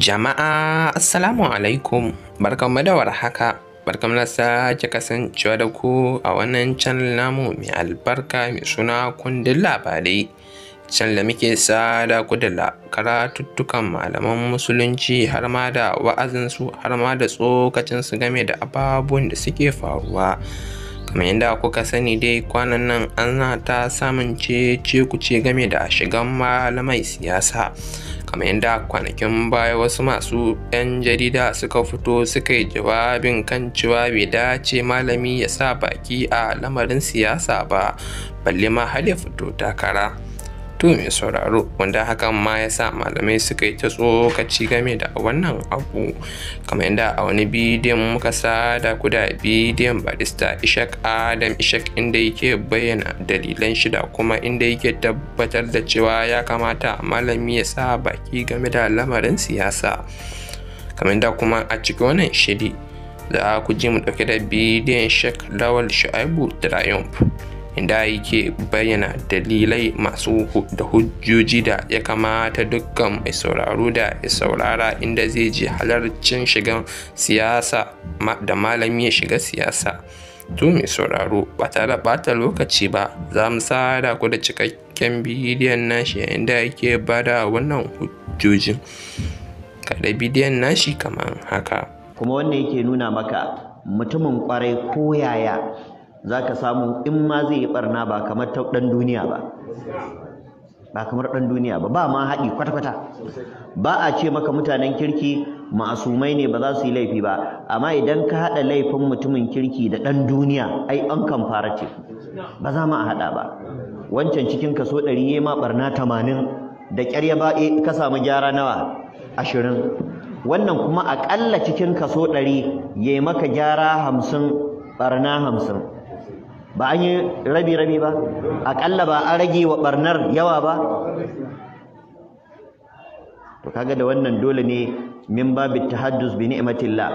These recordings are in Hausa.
Jama'a Assalamu alaikum barkanmu da warhaka barkanmu da sake kasancewa da ku a wannan channel namu mai albarka mai suna kundin labarai can da muke sada ku da karatuttukan malaman musulunci har ma da wa'azinsu har ma da tsokacinsu game da ababun da suke faruwa kamar yadda kuka sani dai kwanan nan ana ta samun ce ce ku ce game da shigan malamai siyasa kamar yadda kwanakin baya wasu masu 'yan jarida suka fito suka yi jawabin kan cewa bai dace malami ya sa baki a lamarin siyasa ba balle ma har ya fito takara to mai sauraro wanda hakan ma ya sa malamai suka yi ta tsokaci game da wannan abu kamar yadda a wani bidiyon muka sada da bidiyon barista ishak adam ishak inda yake bayyana dalilan shida kuma inda yake tabbatar da cewa ya kamata malami ya sa baki game da lamarin siyasa kamar yadda kuma a cikin wannan shiri za ku ji mu ɗauke da bidiyon shek lawal shu'aibu triumph inda yake bayyana dalilai masu da hujjoji da ya kamata dukkan mai sauraro da ya saurara inda zai ji halarcin shigan siyasa da malami ya shiga siyasa to mai sauraro ba tare bata lokaci ba za mu tsara ku da cikakken bidiyon nashi inda yake bada wannan hujjojin kada bidiyon nashi kamar haka kuma wannan yake nuna maka mutumin kwarai ko yaya za ka samu in ma zai yi barna ba kamar ta ɗan duniya ba ba kamar ɗan duniya ba ba ma haɗi kwata-kwata ba a ce maka mutanen kirki ma'asumai ne ba za su yi laifi ba amma idan ka haɗa laifin mutumin kirki da ɗan duniya ai an kan fara ce ba za ma a haɗa ba wancan cikin kaso ɗari ya ma ɓarna tamanin da ƙyar ya ba eh, ka samu gyara nawa ashirin wannan kuma aƙalla cikin kaso ɗari ya maka gyara hamsin ɓarna hamsin ba an yi rabi-rabi ba aƙalla ba an rage wa ɓarnar yawa ba to kaga da wannan dole ne min babu tahaddus bi ni'matillah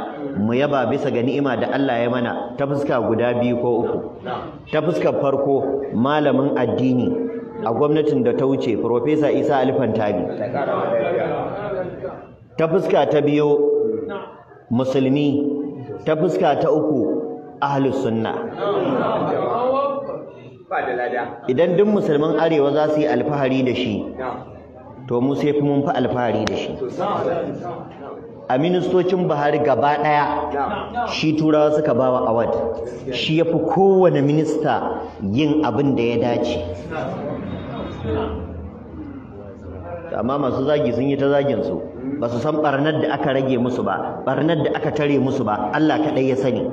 mu yaba bisa ga ni'ima da Allah ya mana ta fuska guda biyu ko uku ta fuskar farko malamin addini a gwamnatin da ta wuce professor Isa Alfantabi ta fuska ta biyo musulmi ta fuska ta uku ahlus sunna idan duk musulman arewa za su yi alfahari da shi to mu sai mun fi alfahari da shi a ministocin Buhari gaba ɗaya shi turawa suka ba wa awad shi ya fi kowane minista yin abin da ya dace amma masu zagi sun yi ta zaginsu ba su san ɓarnar da aka rage musu ba ɓarnar da aka tare musu ba Allah kaɗai ya sani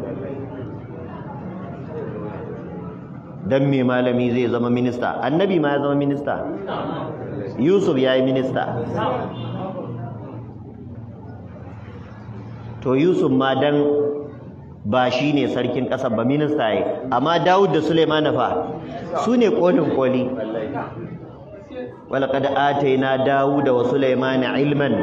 dan mai malami zai zama minista annabi ma ya zama minista yusuf ya yi minista to yusuf ma dan ba shi ne sarkin ƙasar ba minista ya amma dawud da suleiman fa su ne ƙolin ƙoli walaƙad ataina dawud wa suleiman ilman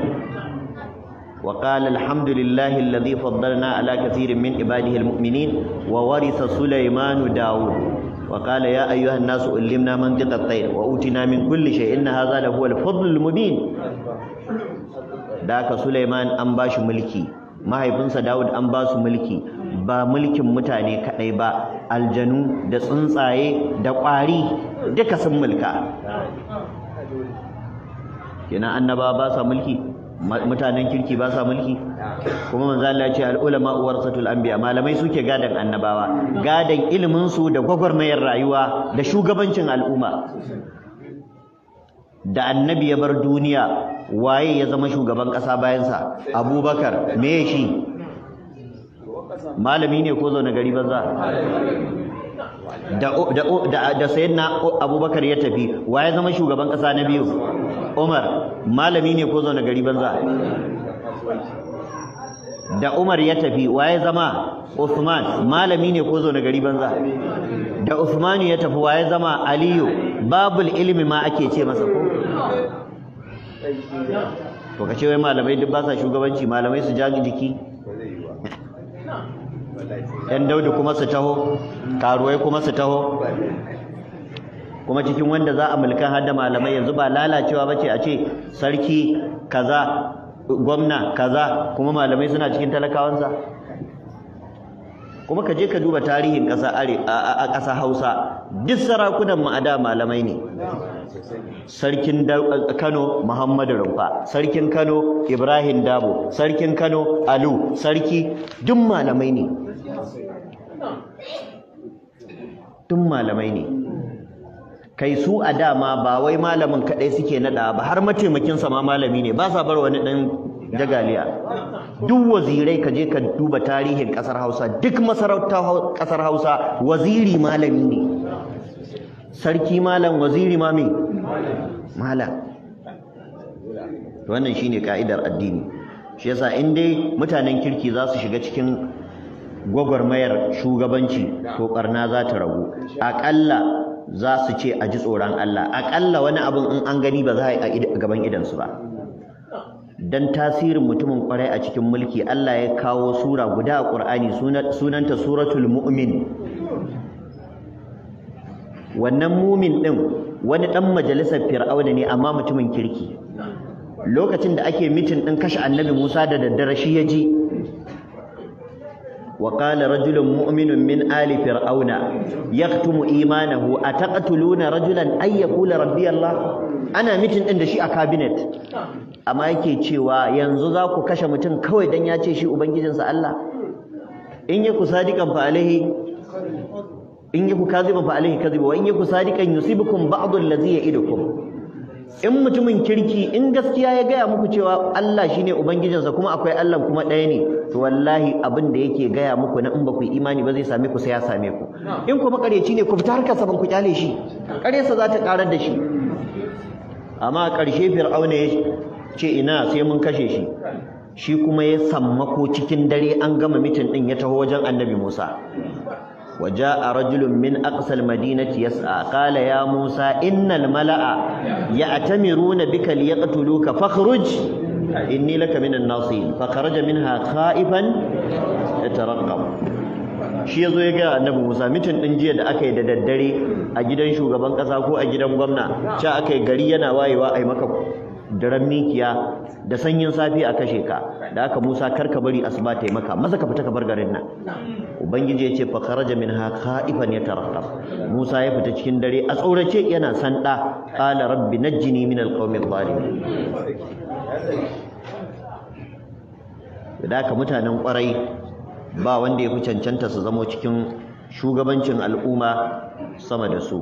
وقال الحمد لله الذي فضلنا على كثير من عباده المؤمنين وورث سليمان داود wa qala ya ayyuhan nasu ullimna mantiqa at-tayr wa utina min kulli shay inna hadha la huwa al-fadl al-mubin da ka Sulaiman an bashi mulki mahaifinsa Dawud an basu mulki ba mulkin mutane kaɗai ba aljanu da tsuntsaye da ƙwari duka sun mulka kina Annabawa basa sa mulki mutanen kirki ba sa mulki kuma manzo Allah ya ce al ulama warasatul anbiya malamai suke gadan annabawa gadan ilimin su da gwagwarmayar rayuwa da shugabancin al'umma da annabi ya bar duniya waye ya zama shugaban kasa bayan sa abubakar me shi malami ne ko zaune gari banza da da sayyidina abubakar ya tafi wa ya zama shugaban kasa na biyu umar malami ne ko zaune gari banza da umar ya tafi wa ya zama usman malami ne ko zaune gari banza da usmanu ya tafi wa ya zama aliyu babul ilmi ma ake ce masa ko to kace wai malamai duk ba sa shugabanci malamai su jagi jiki yan daudu kuma su taho karuwai kuma su taho kuma cikin wanda za a mulkan hada malamai yanzu ba lalacewa bace a ce sarki kaza gwamna kaza kuma malamai suna cikin talakawansa kuma ka je ka duba tarihin ƙasa a ƙasa Hausa duk sarakunan mu a da malamai ne sarkin Kano Muhammadu Rumfa sarkin Kano Ibrahim Dabo sarkin Kano Alu sarki duk malamai ne duk malamai ne kai su a dama ba wai malamin kaɗai suke naɗa ba har mace makinsa ma malami ne ba sa bar wani ɗan. jagaliya duk wazirai ka je ka duba tarihin kasar Hausa duk masarautar kasar Hausa waziri malami ne sarki malam waziri ma malam wannan shi ne ka'idar addini shi yasa in dai mutanen kirki za su shiga cikin gwagwarmayar shugabanci to barna za ta ragu aƙalla za su ce a ji tsoron Allah aƙalla wani abin in an gani ba za a yi gaban idansu ba dan tasirin mutumin kwarai a cikin mulki Allah ya kawo sura guda a Qur'ani sunanta suratul mu'min wannan mumin din wani dan majalisar fir'auna ne amma mutumin kirki lokacin da ake mitin din kashe annabi Musa da daddare shi ya ji وقال رجل مؤمن من آل فرعون يختم إيمانه أتقتلون رجلا أن يقول ربي الله أنا متن عند شيء كابينت أما يكي تشيوا ينزوزا كشا متن كوي دنيا تشي أبنجي الله إن يكو صادقا فعليه إن يكو كاذبا فعليه كذب وإن يكو صادقا يصيبكم بعض الذي يئدكم in mutumin kirki in gaskiya ya gaya muku cewa Allah shi ne ubangijinsa kuma akwai Allah kuma ɗaya ne to wallahi abin da yake gaya muku na in ba ku imani ba zai same ku sai ya same ku in kuma ƙaryaci ne ku fita harkarsa ban ku kyale shi ƙaryarsa za ta ƙarar da shi amma ƙarshe fir'auna ya ce ina sai mun kashe shi shi kuma ya sammako cikin dare an gama mitin ɗin ya taho wajen annabi musa وجاء رجل من أقصى المدينة يسعى قال يا موسى إن الملأ يأتمرون بك ليقتلوك فاخرج إني لك من الناصين فخرج منها خائفا يترقب shi yazo ya ga annabi Musa mitin din jiya da aka yi da daddare a gidan shugaban kasa ko a gidan gwamna ca aka yi gari yana wayewa a yi maka daren mikiya da sanyin safi a kashe ka da aka Musa kar ka bari asuba ta maka maza ka fita ka bar garin nan ubangiji ya ce fa kharaja minha khaifan yatarqab Musa ya fita cikin dare a tsorace yana sanda qala rabbi najjini min alqawmi adh-dhalimin da aka mutanen kwarai ba wanda ya fi cancanta su zamo cikin shugabancin al'umma sama da su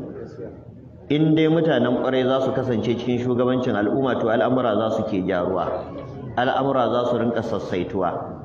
in dai mutanen ƙwarai za su kasance cikin shugabancin al'umma to al'amura za su ke gyaruwa al'amura za su rinka sassaituwa